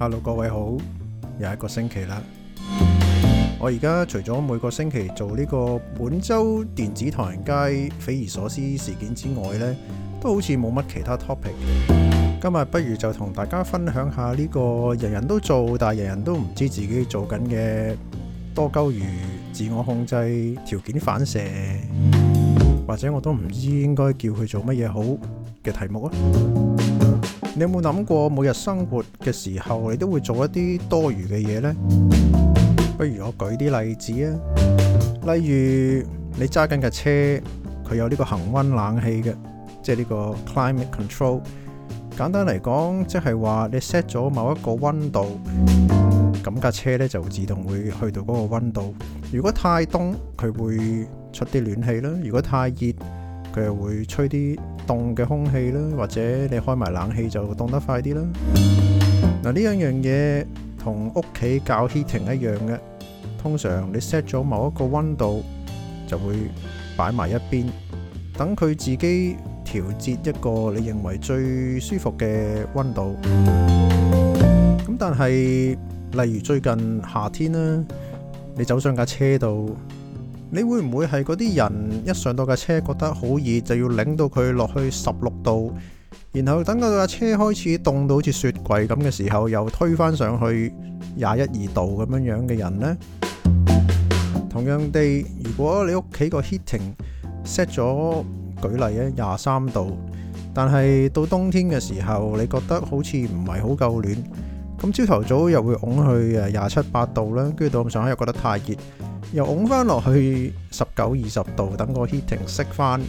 Hello 各位好！又一個星期啦，我而家除咗每個星期做呢個本周電子唐人街匪夷所思事件之外呢，都好似冇乜其他 topic。今日不如就同大家分享下呢個人人都做，但係人人都唔知自己做緊嘅多舊魚自我控制條件反射，或者我都唔知應該叫佢做乜嘢好嘅題目啦。你有冇諗過每日生活嘅時候，你都會做一啲多餘嘅嘢呢？不如我舉啲例子啊，例如你揸緊架車，佢有呢個恒温冷氣嘅，即係呢個 climate control。簡單嚟講，即係話你 set 咗某一個溫度，咁架車呢就自動會去到嗰個溫度。如果太凍，佢會出啲暖氣啦；如果太熱，佢又會吹啲。凍嘅空氣啦，或者你開埋冷氣就凍得快啲啦。嗱，呢樣樣嘢，同屋企較 heating 一樣嘅。通常你 set 咗某一個溫度，就會擺埋一邊，等佢自己調節一個你認為最舒服嘅溫度。咁但係，例如最近夏天啦，你走上架車度。你會唔會係嗰啲人，一上到架車覺得好熱，就要擰到佢落去十六度，然後等嗰架車開始凍到好似雪櫃咁嘅時候，又推返上去廿一二度咁樣樣嘅人呢？同樣地，如果你屋企個 heating set 咗，舉例咧廿三度，但係到冬天嘅時候你覺得好似唔係好夠暖，咁朝頭早又會拱去誒廿七八度啦，跟住到咁上下又覺得太熱。又拱翻落去十九二十度，等個 heating 熄翻。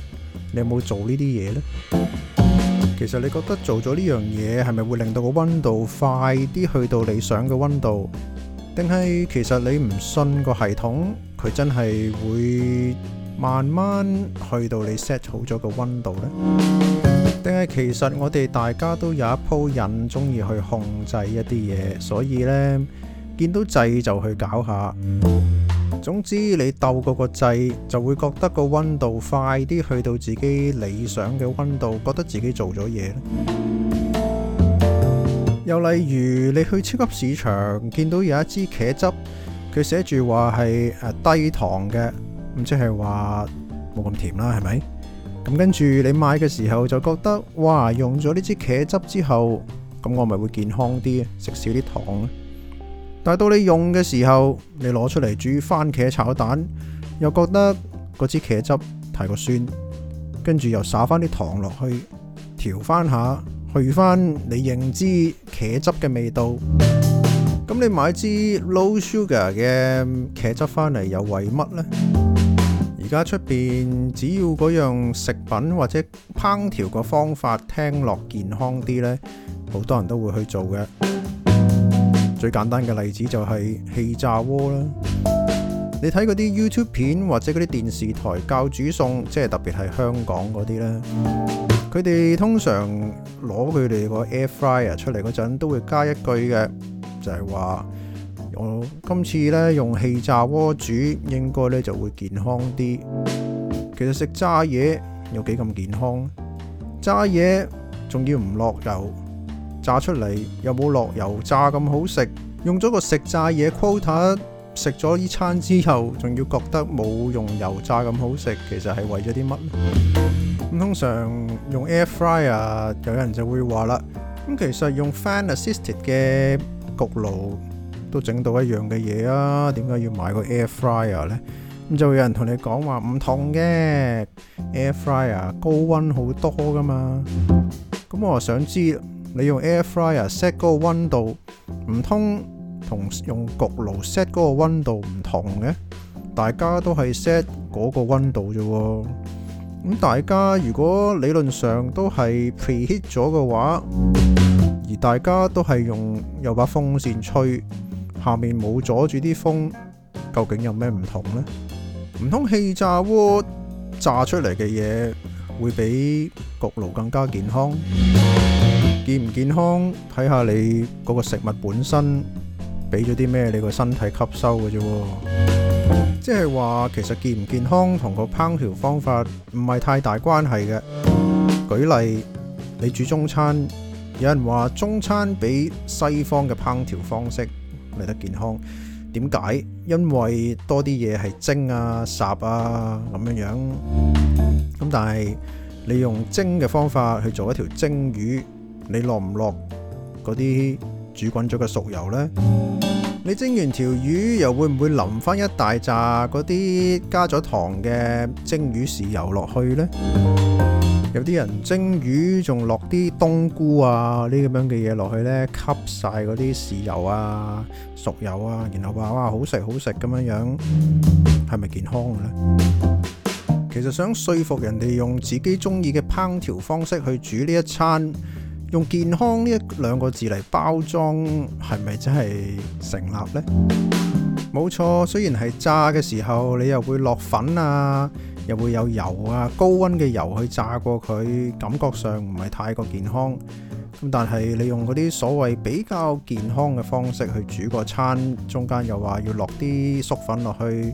你有冇做呢啲嘢呢？其實你覺得做咗呢樣嘢係咪會令到個溫度快啲去到你想嘅溫度，定係其實你唔信個系統，佢真係會慢慢去到你 set 好咗嘅溫度呢？定係其實我哋大家都有一鋪人中意去控制一啲嘢，所以呢，見到掣就去搞一下。總之你鬥過個掣，就會覺得個溫度快啲去到自己理想嘅溫度，覺得自己做咗嘢。又例如你去超級市場見到有一支茄汁，佢寫住話係低糖嘅，咁即係話冇咁甜啦，係咪？咁跟住你買嘅時候就覺得，哇！用咗呢支茄汁之後，咁我咪會健康啲，食少啲糖但到你用嘅時候，你攞出嚟煮番茄炒蛋，又覺得嗰支茄汁太過酸，跟住又撒翻啲糖落去調翻下，去翻你認知茄汁嘅味道。咁你買支 low sugar 嘅茄汁翻嚟又為乜呢？而家出邊只要嗰樣食品或者烹調嘅方法聽落健康啲呢，好多人都會去做嘅。最簡單嘅例子就係氣炸鍋啦。你睇嗰啲 YouTube 片或者嗰啲電視台教煮餸，即係特別係香港嗰啲呢，佢哋通常攞佢哋個 Air Fryer 出嚟嗰陣，都會加一句嘅，就係話：我今次呢，用氣炸鍋煮，應該呢就會健康啲。其實食炸嘢有幾咁健康？炸嘢仲要唔落油？炸出嚟又冇落油炸咁好食，用咗個食炸嘢 quota 食咗呢餐之後，仲要覺得冇用油炸咁好食，其實係為咗啲乜咧？咁通常用 air fryer，有人就會話啦，咁其實用 fan assisted 嘅焗爐都整到一樣嘅嘢啊，點解要買個 air fryer 呢？咁就會有人同你講話唔同嘅 air fryer，高溫好多噶嘛。咁我想知。你用 air fryer set 嗰個溫度，唔通同用焗爐 set 嗰個溫度唔同嘅？大家都係 set 嗰個溫度啫，咁大家如果理論上都係 preheat 咗嘅話，而大家都係用有把風扇吹，下面冇阻住啲風，究竟有咩唔同呢？唔通氣炸鍋炸出嚟嘅嘢會比焗爐更加健康？健唔健康睇下你嗰個食物本身俾咗啲咩，你個身體吸收嘅啫。即係話其實健唔健康同個烹調方法唔係太大關係嘅。舉例你煮中餐，有人話中餐比西方嘅烹調方式嚟得健康。點解？因為多啲嘢係蒸啊、烚啊咁樣樣。咁但係你用蒸嘅方法去做一條蒸魚。你落唔落嗰啲煮滾咗嘅熟油呢？你蒸完條魚又會唔會淋翻一大扎嗰啲加咗糖嘅蒸魚豉油落去呢？有啲人蒸魚仲落啲冬菇啊，呢咁樣嘅嘢落去呢，吸晒嗰啲豉油啊、熟油啊，然後話哇好食好食咁樣樣，係咪健康嘅呢？其實想說服人哋用自己中意嘅烹調方式去煮呢一餐。用健康呢兩個字嚟包裝，係咪真係成立呢？冇錯，雖然係炸嘅時候，你又會落粉啊，又會有油啊，高溫嘅油去炸過佢，感覺上唔係太過健康。咁但係你用嗰啲所謂比較健康嘅方式去煮個餐，中間又話要落啲粟粉落去，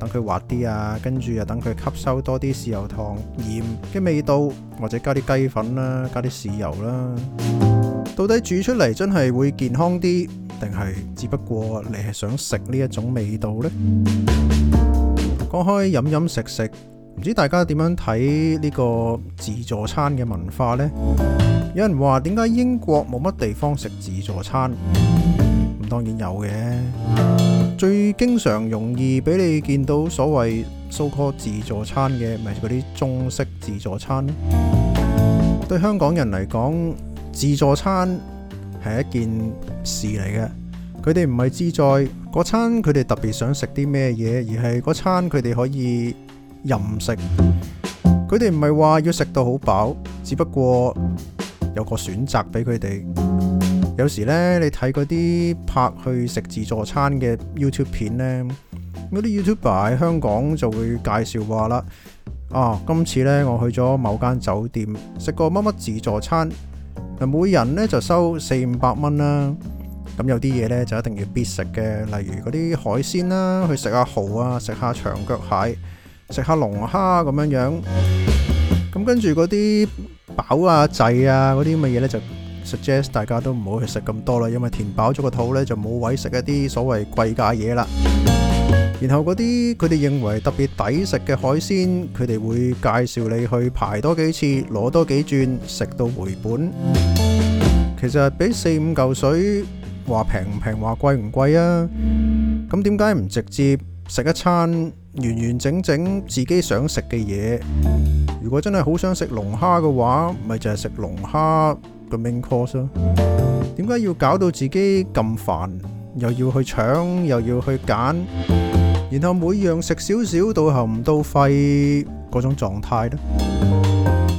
等佢滑啲啊，跟住又等佢吸收多啲豉油、糖、鹽嘅味道，或者加啲雞粉啦，加啲豉油啦。到底煮出嚟真係會健康啲，定係只不過你係想食呢一種味道呢？講開飲飲食食，唔知大家點樣睇呢個自助餐嘅文化呢？有人話點解英國冇乜地方食自助餐？咁當然有嘅，最經常容易俾你見到所謂 so-called 自助餐嘅，咪係嗰啲中式自助餐。對香港人嚟講，自助餐係一件事嚟嘅。佢哋唔係志在嗰餐，佢哋特別想食啲咩嘢，而係嗰餐佢哋可以任食。佢哋唔係話要食到好飽，只不過。有個選擇俾佢哋。有時呢，你睇嗰啲拍去食自助餐嘅 YouTube 片呢，嗰啲 YouTuber 喺香港就會介紹話啦：啊，今次呢，我去咗某間酒店食過乜乜自助餐，每人呢就收四五百蚊啦。咁有啲嘢呢，就一定要必食嘅，例如嗰啲海鮮啦，去食下蠔啊，食下長腳蟹，食下龍蝦咁樣樣。咁跟住嗰啲。飽啊！滯啊！嗰啲乜嘢呢？就 suggest 大家都唔好去食咁多啦，因為填飽咗個肚呢，就冇位食一啲所謂貴價嘢啦。然後嗰啲佢哋認為特別抵食嘅海鮮，佢哋會介紹你去排多幾次，攞多，多幾轉，食到回本。其實俾四五嚿水，話平唔平，話貴唔貴啊？咁點解唔直接食一餐完完整整自己想食嘅嘢？如果真係好想食龍蝦嘅話，咪就係食龍蝦個 main course 咯。點解要搞到自己咁煩，又要去搶，又要去揀，然後每樣食少少到喉唔到肺嗰種狀態呢？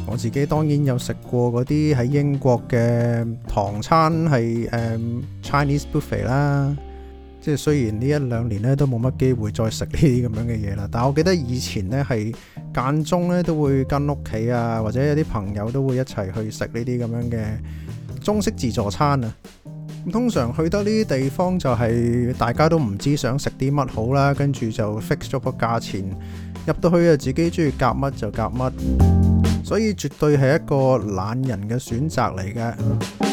我自己當然有食過嗰啲喺英國嘅唐餐係誒、嗯、Chinese buffet 啦。即係雖然呢一兩年咧都冇乜機會再食呢啲咁樣嘅嘢啦，但我記得以前呢係間中咧都會跟屋企啊或者有啲朋友都會一齊去食呢啲咁樣嘅中式自助餐啊。通常去得呢啲地方就係大家都唔知想食啲乜好啦，跟住就 fix 咗個價錢入到去啊，自己中意夾乜就夾乜，所以絕對係一個懶人嘅選擇嚟嘅。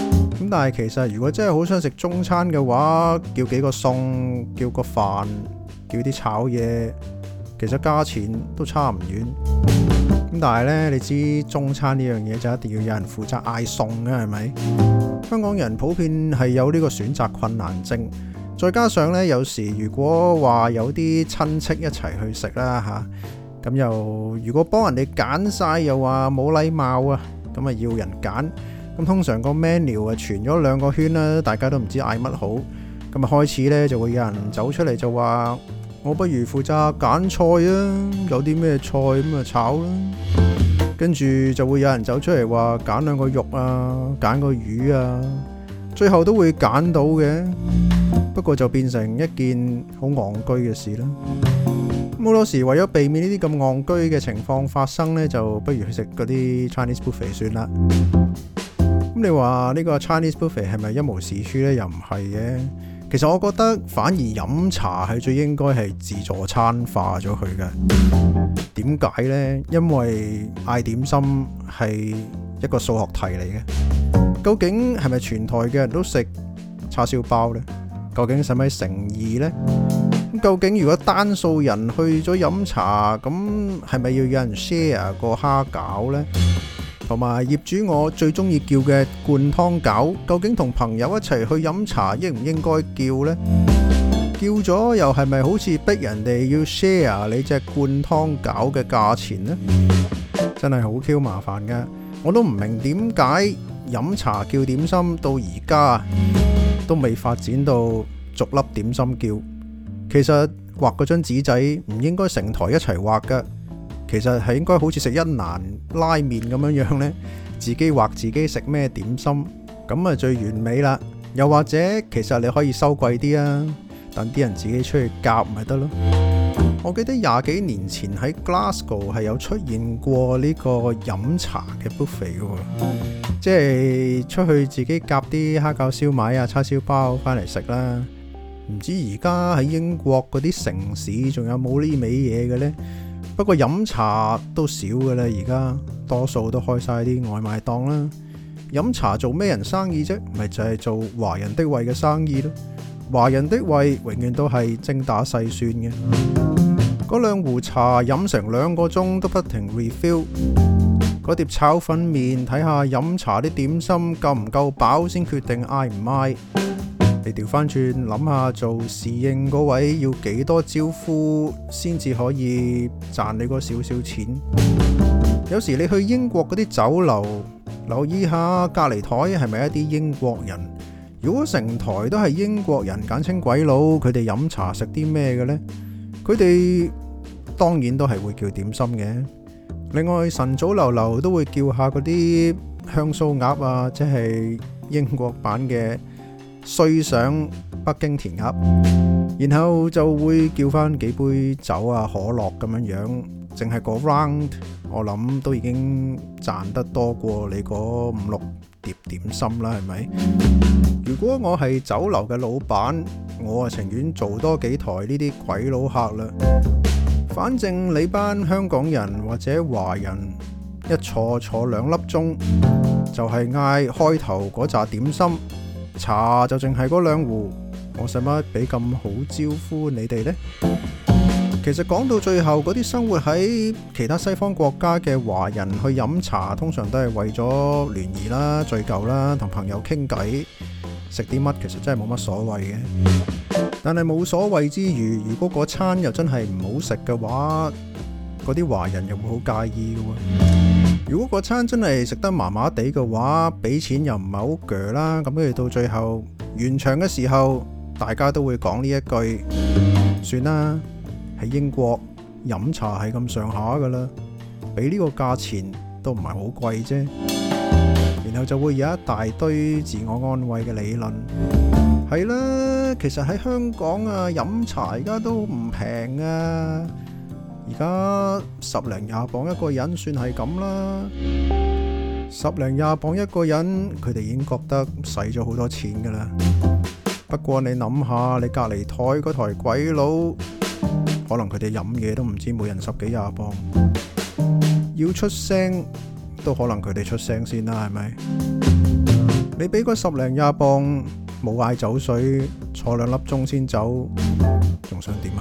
但係其實，如果真係好想食中餐嘅話，叫幾個餸，叫個飯，叫啲炒嘢，其實價錢都差唔遠。咁但係呢，你知中餐呢樣嘢就一定要有人負責嗌餸嘅，係咪？香港人普遍係有呢個選擇困難症，再加上呢，有時如果話有啲親戚一齊去食啦嚇，咁、啊、又如果幫人哋揀晒，又話冇禮貌啊，咁啊要人揀。咁通常個 menu 啊傳咗兩個圈啦，大家都唔知嗌乜好。咁啊開始呢，就會有人走出嚟就話，我不如負責揀菜啊，有啲咩菜咁啊炒啦。跟住就會有人走出嚟話揀兩個肉啊，揀個魚啊。最後都會揀到嘅，不過就變成一件好戇居嘅事啦。咁好多時為咗避免呢啲咁戇居嘅情況發生呢，就不如去食嗰啲 Chinese buffet 算啦。咁你話呢個 Chinese buffet 係咪一無是處呢？又唔係嘅。其實我覺得反而飲茶係最應該係自助餐化咗佢嘅。點解呢？因為嗌點心係一個數學題嚟嘅。究竟係咪全台嘅人都食叉燒包呢？究竟使咪誠意呢？究竟如果單數人去咗飲茶，咁係咪要有人 share 個蝦餃呢？同埋業主，我最中意叫嘅灌湯餃，究竟同朋友一齊去飲茶應唔應該叫呢？叫咗又係咪好似逼人哋要 share 你隻灌湯餃嘅價錢呢？真係好 Q 麻煩㗎！我都唔明點解飲茶叫點心到而家都未發展到逐粒點心叫。其實畫嗰張紙仔唔應該成枱一齊畫㗎。其實係應該好似食一蘭拉麵咁樣樣呢，自己話自己食咩點心，咁啊最完美啦。又或者其實你可以收貴啲啊，等啲人自己出去夾咪得咯。我記得廿幾年前喺 Glasgow 係有出現過呢個飲茶嘅 buffet 嘅、哦，即係出去自己夾啲蝦餃燒賣啊、叉燒包翻嚟食啦。唔知而家喺英國嗰啲城市仲有冇呢味嘢嘅呢？不過飲茶都少嘅啦，而家多數都開晒啲外賣檔啦。飲茶做咩人生意啫？咪就係做華人的胃嘅生意咯。華人的胃永遠都係精打細算嘅。嗰兩壺茶飲成兩個鐘都不停 refill，嗰碟炒粉麵睇下飲茶啲點心夠唔夠飽先決定嗌唔嗌。你調翻轉，諗下做侍應嗰位要幾多招呼先至可以賺你嗰少少錢？有時你去英國嗰啲酒樓，留意下隔離枱係咪一啲英國人？如果成枱都係英國人，簡稱鬼佬，佢哋飲茶食啲咩嘅呢？佢哋當然都係會叫點心嘅。另外晨早流流都會叫下嗰啲香酥鴨啊，即係英國版嘅。睡上北京填鴨，然後就會叫翻幾杯酒啊、可樂咁樣樣，淨係個 round，我諗都已經賺得多過你嗰五六碟點心啦，係咪？如果我係酒樓嘅老闆，我啊情願做多幾台呢啲鬼佬客啦。反正你班香港人或者華人一坐坐兩粒鐘，就係、是、嗌開頭嗰扎點心。茶就淨係嗰兩壺，我使乜俾咁好招呼你哋呢？其實講到最後，嗰啲生活喺其他西方國家嘅華人去飲茶，通常都係為咗聯誼啦、聚舊啦、同朋友傾偈。食啲乜其實真係冇乜所謂嘅。但係冇所謂之餘，如果嗰餐又真係唔好食嘅話，嗰啲華人又會好介意嘅。如果個餐真係食得麻麻地嘅話，俾錢又唔係好攰啦，咁跟住，到最後完場嘅時候，大家都會講呢一句：算啦，喺英國飲茶係咁上下噶啦，俾呢個價錢都唔係好貴啫。然後就會有一大堆自我安慰嘅理論，係啦，其實喺香港啊飲茶而家都唔平啊。而家十零廿磅一個人算係咁啦，十零廿磅一個人，佢哋已經覺得使咗好多錢噶啦。不過你諗下，你隔籬台嗰台鬼佬，可能佢哋飲嘢都唔知每人十幾廿磅，要出聲都可能佢哋出聲先啦，係咪？你俾個十零廿磅，冇嗌酒水，坐兩粒鐘先走，仲想點？